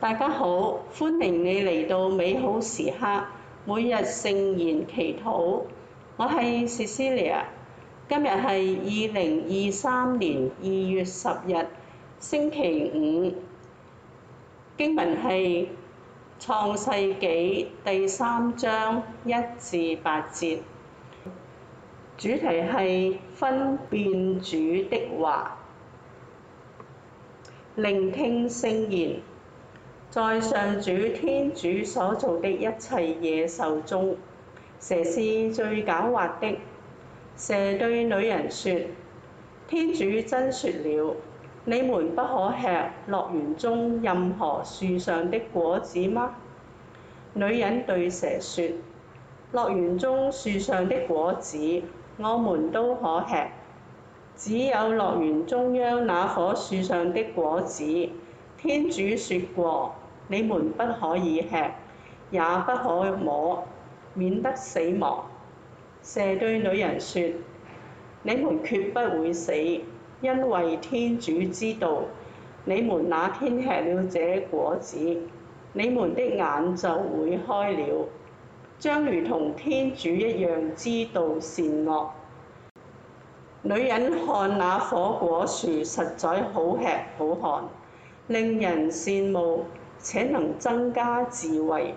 大家好，歡迎你嚟到美好時刻每日聖言祈禱。我係 Cecilia。今日係二零二三年二月十日星期五。經文係創世紀第三章一至八節，主題係分辨主的話，聆聽聖言。在上主天主所造的一切野獸中，蛇是最狡猾的。蛇對女人說：天主真說了，你們不可吃樂園中任何樹上的果子嗎？女人對蛇說：樂園中樹上的果子，我們都可吃，只有樂園中央那棵樹上的果子，天主說過。你們不可以吃，也不可摸，免得死亡。蛇對女人說，你們決不會死，因為天主知道，你們那天吃了這果子，你們的眼就會開了，將如同天主一樣知道善惡。女人看那棵果樹實在好吃好看，令人羨慕。且能增加智慧，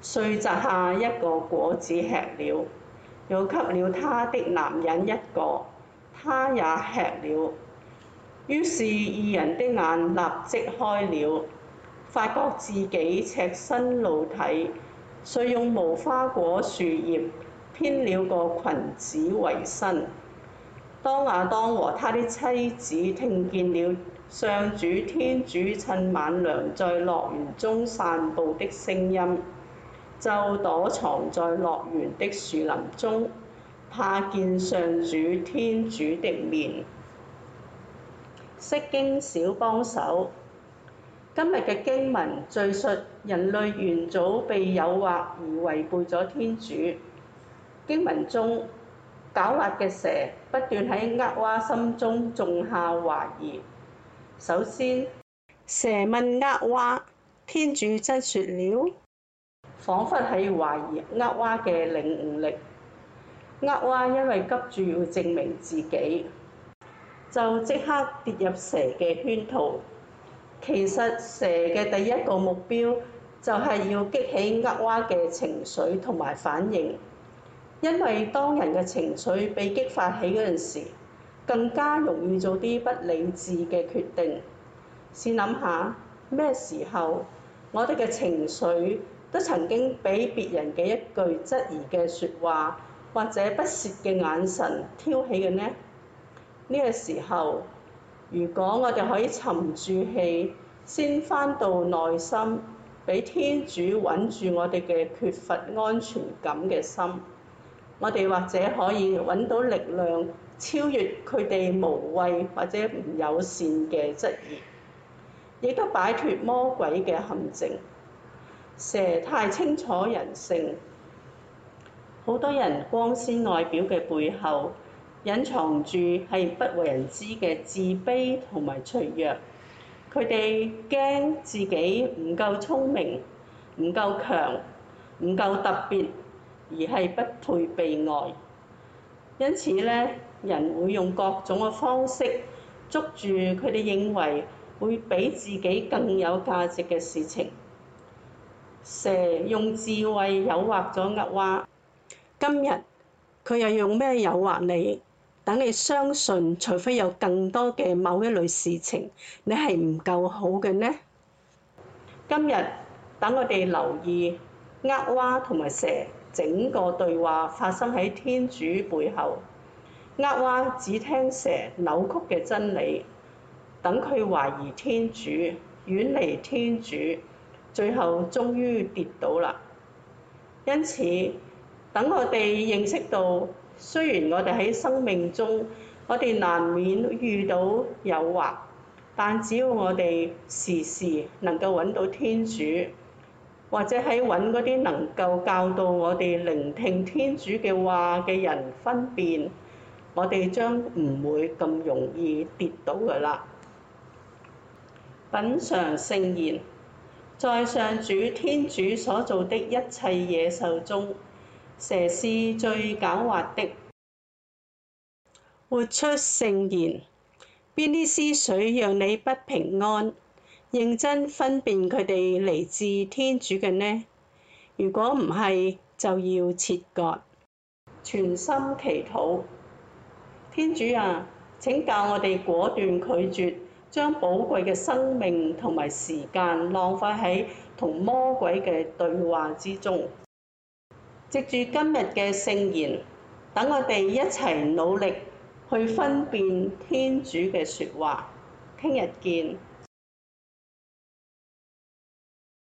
遂摘下一個果子吃了，又給了她的男人一個，她也吃了。於是二人的眼立即開了，發覺自己赤身露體，遂用無花果樹葉編了個裙子圍身。當亞當和他的妻子聽見了上主天主趁晚涼在樂園中散步的聲音，就躲藏在樂園的樹林中，怕見上主天主的面。釋經小幫手，今日嘅經文敘述人類原祖被誘惑而違背咗天主。經文中，狡猾嘅蛇不斷喺厄娃心中種下懷疑。首先，蛇問厄娃：天主真説了？彷彿喺懷疑厄娃嘅領悟力。厄娃因為急住要證明自己，就即刻跌入蛇嘅圈套。其實，蛇嘅第一個目標就係要激起厄娃嘅情緒同埋反應。因為當人嘅情緒被激發起嗰陣時，更加容易做啲不理智嘅決定。試諗下咩時候我哋嘅情緒都曾經俾別人嘅一句質疑嘅説話，或者不屑嘅眼神挑起嘅呢？呢個時候，如果我哋可以沉住氣，先翻到內心，俾天主穩住我哋嘅缺乏安全感嘅心。我哋或者可以揾到力量，超越佢哋無謂或者唔友善嘅質疑，亦都擺脫魔鬼嘅陷阱。蛇太清楚人性，好多人光鮮外表嘅背後，隱藏住係不為人知嘅自卑同埋脆弱。佢哋驚自己唔夠聰明，唔夠強，唔夠特別。而係不配被愛，因此咧，人會用各種嘅方式捉住佢哋認為會畀自己更有價值嘅事情。蛇用智慧誘惑咗厄娃。今日佢又用咩誘惑你？等你相信，除非有更多嘅某一類事情，你係唔夠好嘅呢？今日等我哋留意厄娃同埋蛇。整個對話發生喺天主背後，厄娃只聽蛇扭曲嘅真理，等佢懷疑天主，遠離天主，最後終於跌倒啦。因此，等我哋認識到，雖然我哋喺生命中，我哋難免遇到誘惑，但只要我哋時時能夠揾到天主。或者喺揾嗰啲能夠教導我哋聆聽天主嘅話嘅人分辨，我哋將唔會咁容易跌倒噶啦。品嚐聖言，在上主天主所造的一切野獸中，蛇是最狡猾的。活出聖言，邊啲思緒讓你不平安？認真分辨佢哋嚟自天主嘅呢？如果唔係，就要切割。全心祈禱，天主啊！請教我哋果斷拒絕，將寶貴嘅生命同埋時間浪費喺同魔鬼嘅對話之中。藉住今日嘅聖言，等我哋一齊努力去分辨天主嘅說話。聽日見。